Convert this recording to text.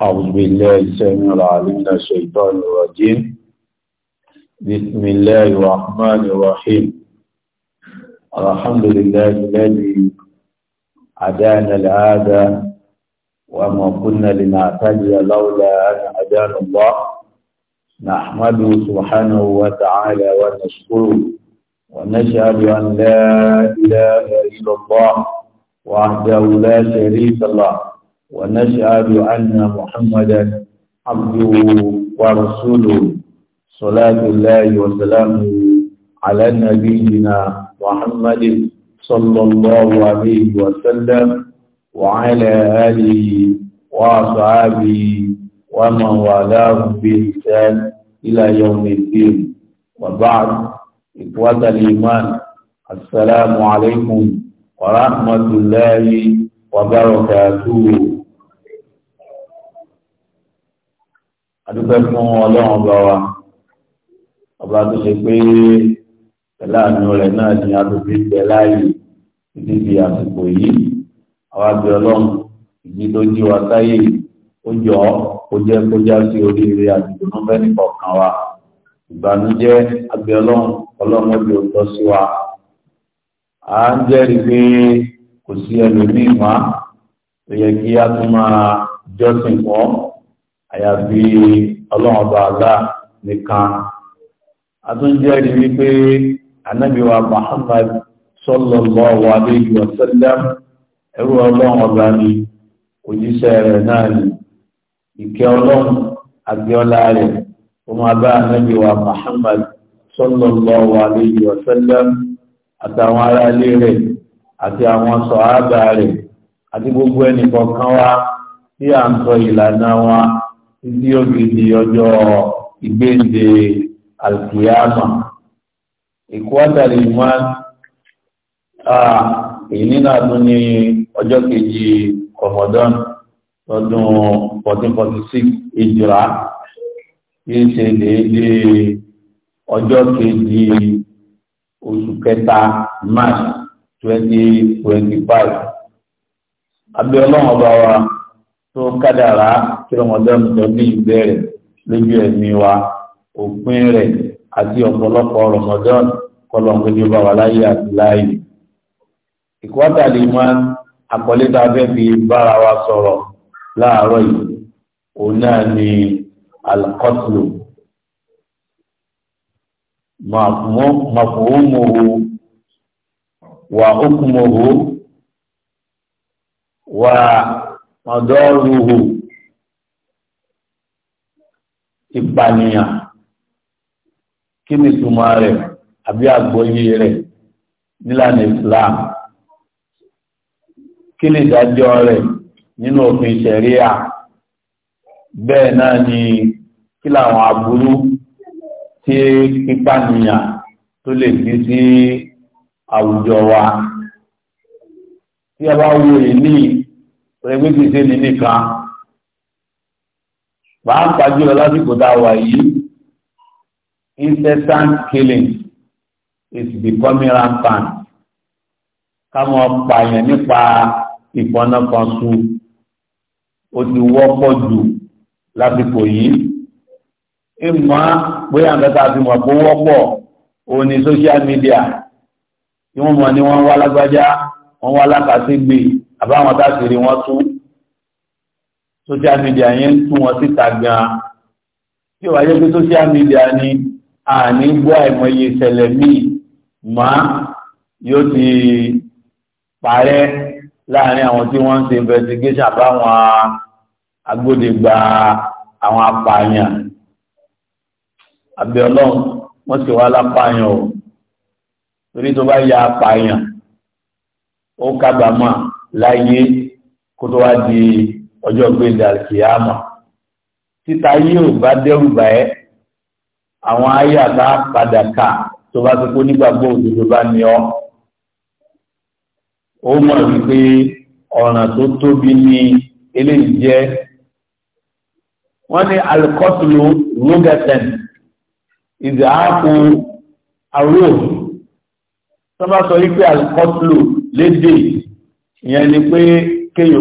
أعوذ بالله السميع العليم من الشيطان الرجيم بسم الله الرحمن الرحيم الحمد لله الذي أدانا العادة وما كنا لنعتدي لولا أن هدانا الله نحمده سبحانه وتعالى ونشكره ونشهد أن لا إله إلا الله وحده لا شريك له ونشهد أن محمدا عبده ورسوله صلاة الله وسلامه على نبينا محمد صلى الله عليه وسلم وعلى آله وأصحابه ومن والاه بإحسان إلى يوم الدين وبعد إخوة الإيمان السلام عليكم ورحمة الله وبركاته adúpẹ́ fún ọlọ́run ọba wa ọba tó ṣe pé pẹ̀lú àánú rẹ̀ náà ni adúpẹ́ bẹ láàyè títí di àsìkò yìí àwa bí ọlọ́run ìdí tó jí wa sáyé ó jọ ó jẹ́ kó já sí oríire àdúgbò náà fẹ́ nìkọ̀ọ̀kan wa ìbànújẹ́ abẹ́ ọlọ́run ọlọ́run ọdún ọ̀tọ̀ sí wa à ń jẹ́rìí pé kò sí ẹlòmíì wá ó yẹ kí a tún máa jọ́sìn fún àyàfi ọlọ́run ọba àlá nìkan àtúnjẹ́rìí wípé anábíwa Muhammad sallallahu alayhi wa sallam ẹrú ọlọ́run ọba ni òjíṣẹ́ rẹ̀ náà ni ìkẹ́ ọlọ́run àgbẹ́ọlá rẹ̀ ó máa bá anábíwa Muhammad sallallahu alayhi wa sallam àtàwọn ará ilé rẹ̀ àti àwọn sọ̀hábà rẹ̀ àti gbogbo ẹnìkọ̀ọ̀kan wa tí à ń sọ ìlànà wọn títí yóò fi di ọjọ́ ìgbéǹde alkiyama ìkúwátàlì ìmọ̀ èyí nínú àdún ní ọjọ́ kejì Ramadan lọ́dún 1446 ìjìrá tí ń ṣe déédé ọjọ́ kejì oṣù kẹta March 2025 abẹ́ ọlọ́run ọba wa tó kádàrá kí Ramadan sọ bí ìbẹ̀rẹ̀ lójú ẹ̀mí wa òpin rẹ̀ àti ọ̀pọ̀lọpọ̀ Ramadan kọlọ̀kọjọ bá wà láyé àti láàyè. ìkọ́tàlì máa ń àkọlé tá a fẹ́ fi bára wa sọ̀rọ̀ láàárọ̀ yìí òun náà ni alkọ́tìlù mafùhùmùhù wà ókùmùhù wà mọ̀dọ́rùhù ìpànìyàn kí ni ìtumọ̀ rẹ̀ àbí àgbọ́yé rẹ̀ nílànà Islam kí ni ìdájọ́ rẹ̀ nínú òfin ṣẹ̀ríà bẹ́ẹ̀ náà ni kí làwọn aburú tí pípànìyàn tó lè bí sí àwùjọ wa tí a bá wo ìní rẹ̀ wípé sí ni nìkan pàápàá jùlọ lásìkò tá yìí incessant killing is becoming rampant káwọn pààyàn nípa ìfọ̀nàkànṣu ó ti wọ́pọ̀ jù lásìkò yìí ìmọ̀ pé àǹkàtà àti mọ̀ pé wọ́pọ̀ òun ni social media tí wọ́n mọ̀ ní wọ́n wá lágbájá wọ́n wá lákàtúgbè àbáwọn tá wọ́n tún social media yẹn ń tú wọn síta gan-an tí ó wáyé pé social media ni àní gbọ́ àìmọye ìṣẹ̀lẹ̀ míì mọ́ yóò ti parẹ́ láàrin àwọn tí wọ́n ń ṣe investigation àbáwọn agbódegba àwọn apààyàn àbí ọlọ́run wọ́n sì wá lápààyàn o torí tó bá ya apààyàn ó kábàámọ̀ láyé kó tó wá di ọjọ́ gbẹ̀ndẹ̀ àkìyàmà títa yóò bá dẹ́rù bà ẹ́ àwọn ayé àbá padà kà tó bá ti kó nígbàgbọ́ òdodo bá ní ọ ó mọ̀ wípé ọ̀ràn tó tóbi ní eléyìí jẹ́ wọ́n ní alikọ́tùlù rúgẹ́tẹ̀n ìdáàkú aró tó bá sọ wípé alikọ́tùlù lédè ìyẹn ni pé